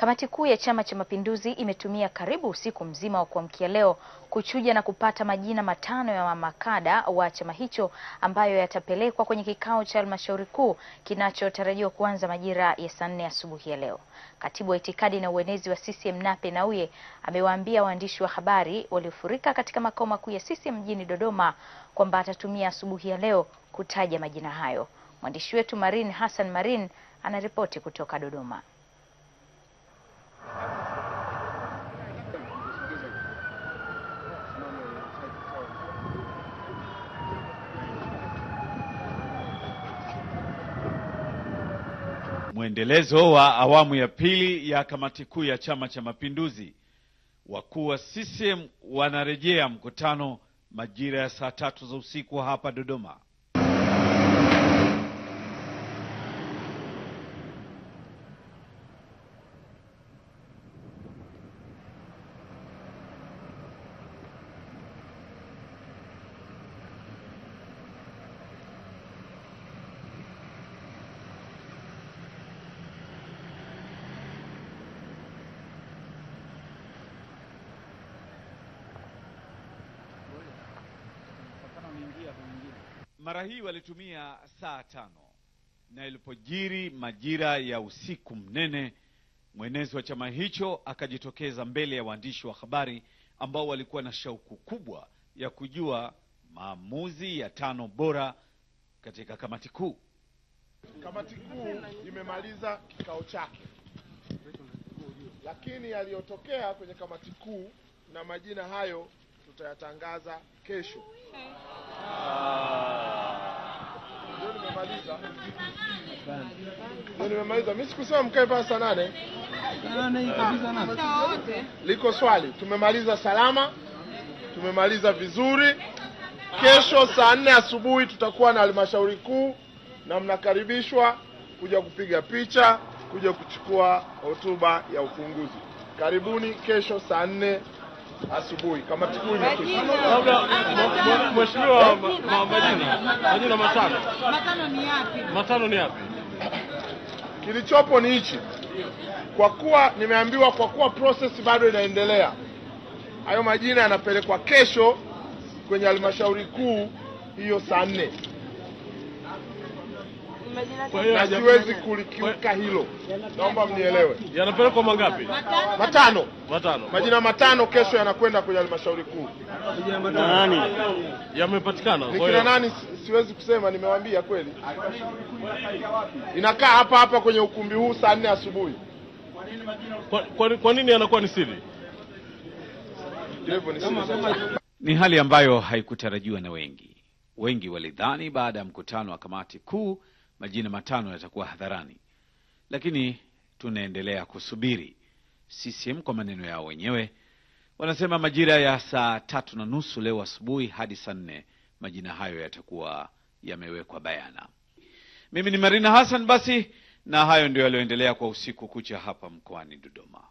Kamati kuu ya Chama cha Mapinduzi imetumia karibu usiku mzima wa kuamkia leo kuchuja na kupata majina matano ya makada wa chama hicho ambayo yatapelekwa kwenye kikao cha halmashauri kuu kinachotarajiwa kuanza majira ya saa nne asubuhi ya leo. Katibu wa itikadi na uenezi wa CCM Nape Nnauye amewaambia waandishi wa habari waliofurika katika makao makuu ya CCM mjini Dodoma kwamba atatumia asubuhi ya leo kutaja majina hayo. Mwandishi wetu Marin Hassan Marin anaripoti kutoka Dodoma. mwendelezo wa awamu ya pili ya kamati kuu ya Chama cha Mapinduzi. Wakuu wa CCM wanarejea mkutano majira ya saa tatu za usiku hapa Dodoma. Mara hii walitumia saa tano na ilipojiri majira ya usiku mnene, mwenezi wa chama hicho akajitokeza mbele ya waandishi wa habari ambao walikuwa na shauku kubwa ya kujua maamuzi ya tano bora katika kamati kuu. Kamati kuu imemaliza kikao chake, lakini yaliyotokea kwenye kamati kuu na majina hayo tutayatangaza kesho nimemaliza. nimemaliza. Mimi sikusema mkae mpaka saa nane. Ah, Liko swali, tumemaliza salama, tumemaliza vizuri. Kesho saa nne asubuhi tutakuwa na halmashauri kuu, na mnakaribishwa kuja kupiga picha, kuja kuchukua hotuba ya ufunguzi. Karibuni kesho saa nne asubuhi. Kamati kuu Labda mheshimiwa, majina matano matano ni yapi? Kilichopo ni hichi. Kwa kuwa nimeambiwa, kwa kuwa process bado inaendelea, hayo majina yanapelekwa kesho kwenye halmashauri kuu hiyo saa nne hiyo siwezi kulikiuka hilo, naomba mnielewe. Yanapelekwa mangapi? Matano, matano, majina matano. Kesho yanakwenda kwenye halmashauri kuu. Nani yamepatikana? Ni kina nani? Siwezi kusema, nimewambia kweli. Inakaa hapa hapa kwenye ukumbi huu saa nne asubuhi. Kwa, kwa, kwa nini yanakuwa ni siri? Ni hali ambayo haikutarajiwa na wengi. Wengi walidhani baada ya mkutano wa kamati kuu majina matano yatakuwa hadharani, lakini tunaendelea kusubiri. CCM kwa maneno yao wenyewe wanasema majira ya saa tatu na nusu leo asubuhi hadi saa nne majina hayo yatakuwa yamewekwa bayana. Mimi ni Marina Hassan, basi na hayo ndio yaliyoendelea kwa usiku kucha hapa mkoani Dodoma.